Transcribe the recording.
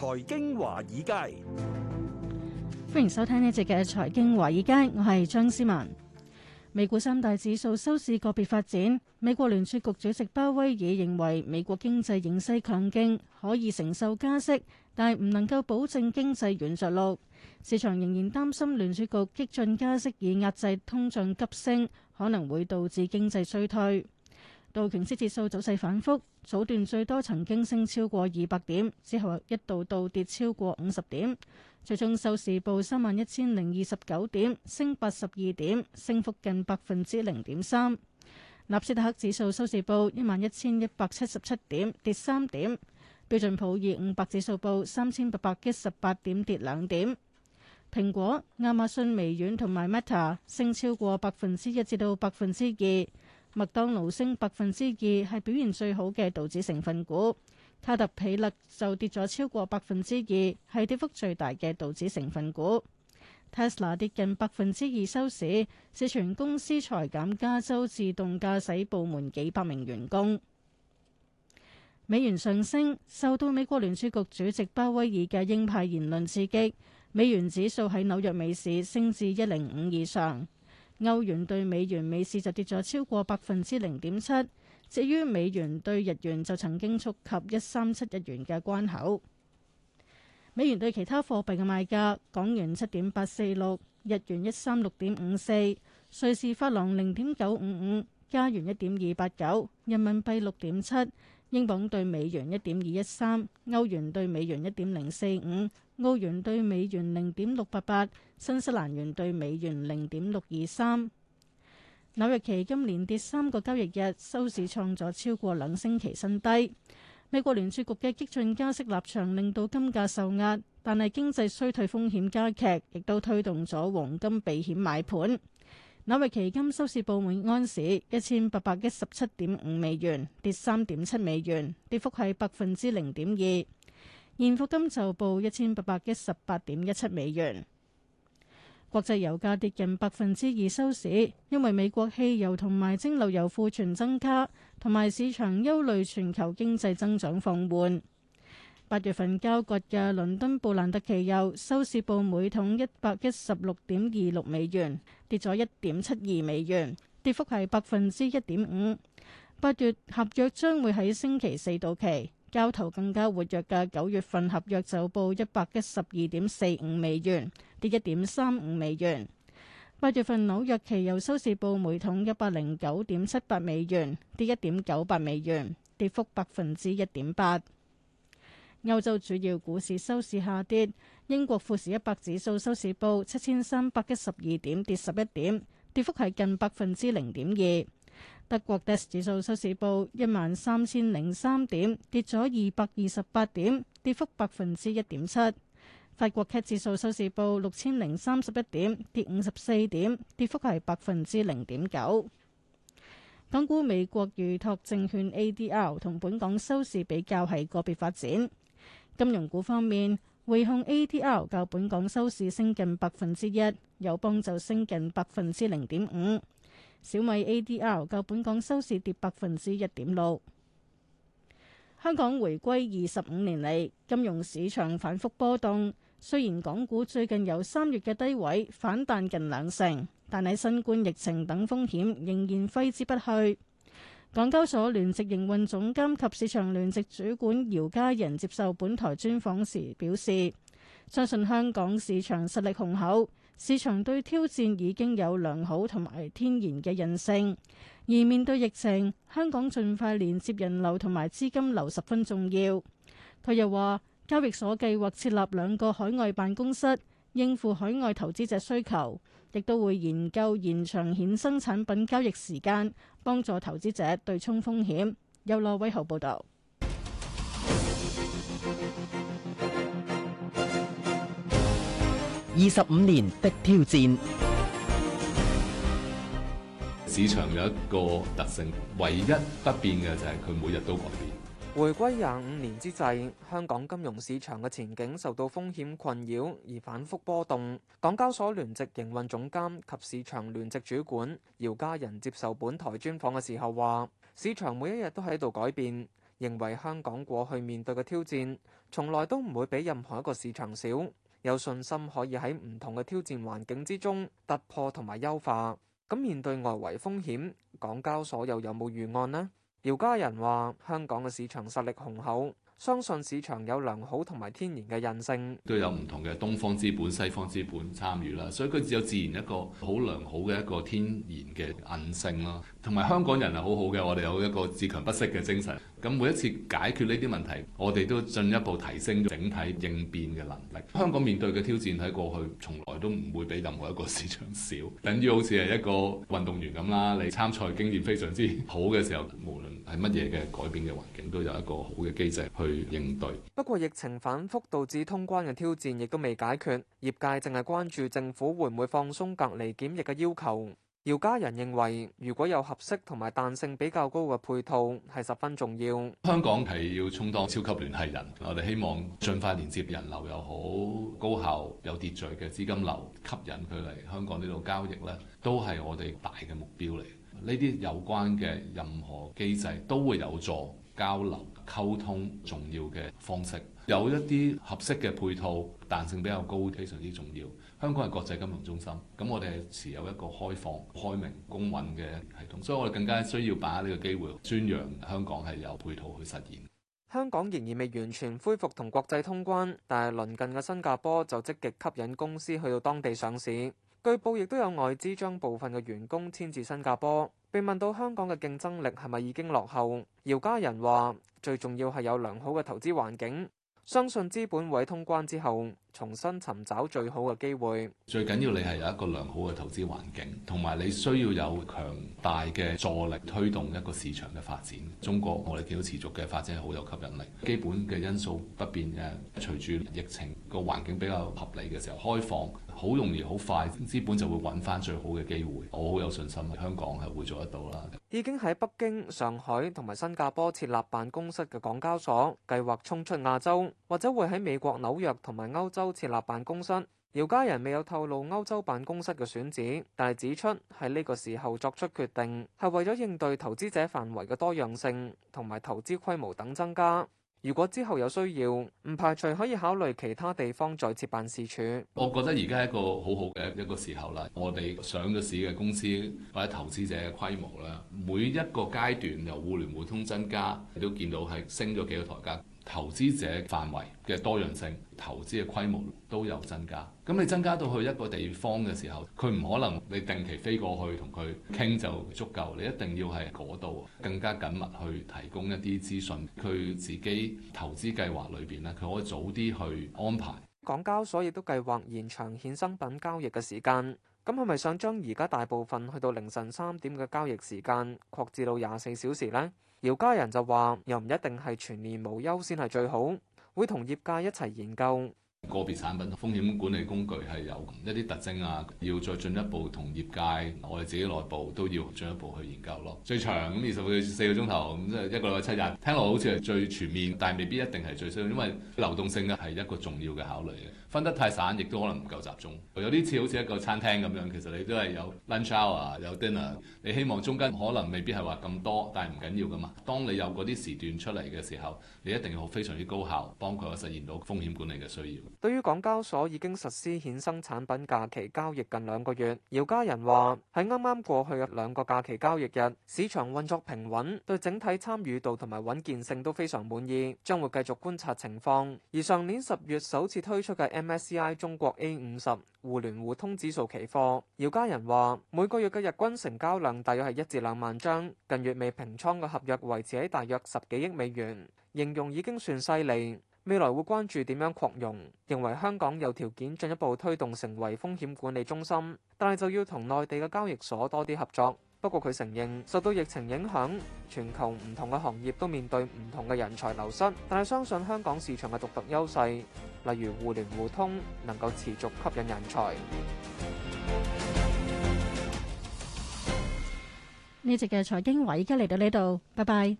財經華爾街，歡迎收聽呢集嘅財經華爾街，我係張思文。美股三大指數收市個別發展。美國聯儲局主席鮑威爾認為，美國經濟形勢強勁，可以承受加息，但唔能夠保證經濟軟着陸。市場仍然擔心聯儲局激進加息以壓制通脹急升，可能會導致經濟衰退。道瓊斯指數早勢反覆，早段最多曾經升超過二百點，之後一度倒跌超過五十點，最終收市報三萬一千零二十九點，升八十二點，升幅近百分之零點三。納斯達克指數收市報一萬一千一百七十七點，跌三點。標準普爾五百指數報三千八百一十八點，跌兩點。蘋果、亞馬遜、微軟同埋 Meta 升超過百分之一至到百分之二。麥當勞升百分之二，係表現最好嘅道指成分股；卡特彼勒就跌咗超過百分之二，係跌幅最大嘅道指成分股。Tesla 跌近百分之二收市，是全公司裁減加州自動駕駛部門幾百名員工。美元上升，受到美國聯儲局主席鮑威爾嘅鷹派言論刺激，美元指數喺紐約美市升至一零五以上。歐元對美元，美市就跌咗超過百分之零點七。至於美元對日元就曾經觸及一三七日元嘅關口。美元對其他貨幣嘅賣價：港元七點八四六，日元一三六點五四，瑞士法郎零點九五五，加元一點二八九，人民幣六點七。英鎊兌美元一點二一三，歐元兌美元一點零四五，澳元兌美元零點六八八，新西蘭元兌美元零點六二三。紐約期金連跌三個交易日，收市創咗超過兩星期新低。美國聯儲局嘅激進加息立場令到金價受壓，但係經濟衰退風險加劇，亦都推動咗黃金避險買盤。紐約期金收市報每安士一千八百一十七點五美元，跌三點七美元，跌幅係百分之零點二。現貨金就報一千八百一十八點一七美元。國際油價跌近百分之二收市，因為美國汽油同埋蒸餾油庫存增加，同埋市場憂慮全球經濟增長放緩。八月份交割嘅倫敦布蘭特期油收市報每桶一百一十六點二六美元，跌咗一點七二美元，跌幅係百分之一點五。八月合約將會喺星期四到期，交投更加活躍嘅九月份合約就報一百一十二點四五美元，跌一點三五美元。八月份紐約期油收市報每桶一百零九點七八美元，跌一點九八美元，跌幅百分之一點八。歐洲主要股市收市下跌，英國富時一百指數收市報七千三百一十二點，跌十一點，跌幅係近百分之零點二。德國 DAX 指數收市報一萬三千零三點，跌咗二百二十八點，跌幅百分之一點七。法國 CAC 指數收市報六千零三十一點，跌五十四點，跌幅係百分之零點九。港股美國預託證券 ADR 同本港收市比較係個別發展。金融股方面，匯控 ADR 較本港收市升近百分之一，友邦就升近百分之零點五，小米 ADR 較本港收市跌百分之一點六。香港回歸二十五年嚟，金融市場反復波動。雖然港股最近由三月嘅低位反彈近兩成，但喺新冠疫情等風險仍然揮之不去。港交所聯席營運總監及市場聯席主管姚嘉仁接受本台專訪時表示：相信香港市場實力雄厚，市場對挑戰已經有良好同埋天然嘅韌性。而面對疫情，香港盡快連接人流同埋資金流十分重要。佢又話交易所計劃設立兩個海外辦公室。應付海外投資者需求，亦都會研究延長衍生產品交易時間，幫助投資者對沖風險。尤諾威豪報道。二十五年的挑戰，市場有一個特性，唯一不變嘅就係佢每日都改變。回歸廿五年之際，香港金融市場嘅前景受到風險困擾而反覆波動。港交所聯席營運總監及市場聯席主管姚嘉仁接受本台專訪嘅時候話，市場每一日都喺度改變，認為香港過去面對嘅挑戰從來都唔會比任何一個市場少，有信心可以喺唔同嘅挑戰環境之中突破同埋優化。咁面對外圍風險，港交所又有冇預案呢？姚家人話：香港嘅市場實力雄厚。相信市場有良好同埋天然嘅韌性，都有唔同嘅東方資本、西方資本參與啦，所以佢只有自然一個好良好嘅一個天然嘅韌性咯。同埋香港人係好好嘅，我哋有一個自強不息嘅精神。咁每一次解決呢啲問題，我哋都進一步提升整體應變嘅能力。香港面對嘅挑戰喺過去從來都唔會比任何一個市場少，等於好似係一個運動員咁啦。你參賽經驗非常之好嘅時候，無論係乜嘢嘅改變嘅環境，都有一個好嘅機制去應對。不過疫情反覆導致通關嘅挑戰亦都未解決，業界淨係關注政府會唔會放鬆隔離檢疫嘅要求。姚家人認為，如果有合適同埋彈性比較高嘅配套，係十分重要。香港係要充當超級聯繫人，我哋希望盡快連接人流又好，高效，有秩序嘅資金流，吸引佢嚟香港呢度交易咧，都係我哋大嘅目標嚟。呢啲有關嘅任何機制都會有助交流、溝通重要嘅方式，有一啲合適嘅配套彈性比較高，非常之重要。香港係國際金融中心，咁我哋係持有一個開放、開明、公允嘅系統，所以我哋更加需要把握呢個機會，宣揚香港係有配套去實現。香港仍然未完全恢復同國際通關，但係鄰近嘅新加坡就積極吸引公司去到當地上市。據報亦都有外資將部分嘅員工遷至新加坡。被問到香港嘅競爭力係咪已經落後，姚家人話：最重要係有良好嘅投資環境，相信資本委通關之後。重新尋找最好嘅機會，最緊要你係有一個良好嘅投資環境，同埋你需要有強大嘅助力推動一個市場嘅發展。中國我哋見到持續嘅發展係好有吸引力，基本嘅因素不變誒，隨住疫情個環境比較合理嘅時候開放，好容易好快資本就會揾翻最好嘅機會，我好有信心，香港係會做得到啦。已經喺北京、上海同埋新加坡設立辦公室嘅港交所，計劃衝出亞洲，或者會喺美國紐約同埋歐洲。都設立辦公室，姚家人未有透露歐洲辦公室嘅選址，但係指出喺呢個時候作出決定，係為咗應對投資者範圍嘅多樣性同埋投資規模等增加。如果之後有需要，唔排除可以考慮其他地方再設辦事處。我覺得而家係一個好好嘅一個時候啦，我哋上咗市嘅公司或者投資者嘅規模啦，每一個階段由互聯互通增加，都見到係升咗幾個台階。投資者範圍嘅多樣性、投資嘅規模都有增加。咁你增加到去一個地方嘅時候，佢唔可能你定期飛過去同佢傾就足夠。你一定要喺嗰度更加緊密去提供一啲資訊，佢自己投資計劃裏邊咧，佢可以早啲去安排。港交所亦都計劃延長衍生品交易嘅時間。咁係咪想將而家大部分去到凌晨三點嘅交易時間擴至到廿四小時呢？姚家人就話：又唔一定係全年無休先係最好，會同業界一齊研究。個別產品風險管理工具係有一啲特徵啊，要再進一步同業界，我哋自己內部都要進一步去研究咯。最長咁二十四個鐘頭，咁即係一個禮拜七日，聽落好似係最全面，但係未必一定係最需要，因為流動性啊係一個重要嘅考慮嘅。分得太散，亦都可能唔夠集中。有啲似好似一個餐廳咁樣，其實你都係有 lunch hour 有 dinner，你希望中間可能未必係話咁多，但係唔緊要噶嘛。當你有嗰啲時段出嚟嘅時候，你一定要非常之高效，幫佢實現到風險管理嘅需要。對於港交所已經實施衍生產品假期交易近兩個月，姚家仁話喺啱啱過去嘅兩個假期交易日，市場運作平穩，對整體參與度同埋穩健性都非常滿意，將會繼續觀察情況。而上年十月首次推出嘅 MSCI 中國 A 五十互聯互通指數期貨，姚家仁話每個月嘅日均成交量大約係一至兩萬張，近月未平倉嘅合約維持喺大約十幾億美元，形容已經算犀利。未來會關注點樣擴容，認為香港有條件進一步推動成為風險管理中心，但係就要同內地嘅交易所多啲合作。不過佢承認受到疫情影響，全球唔同嘅行業都面對唔同嘅人才流失，但係相信香港市場嘅獨特優勢，例如互聯互通，能夠持續吸引人才。呢節嘅財經話而家嚟到呢度，拜拜。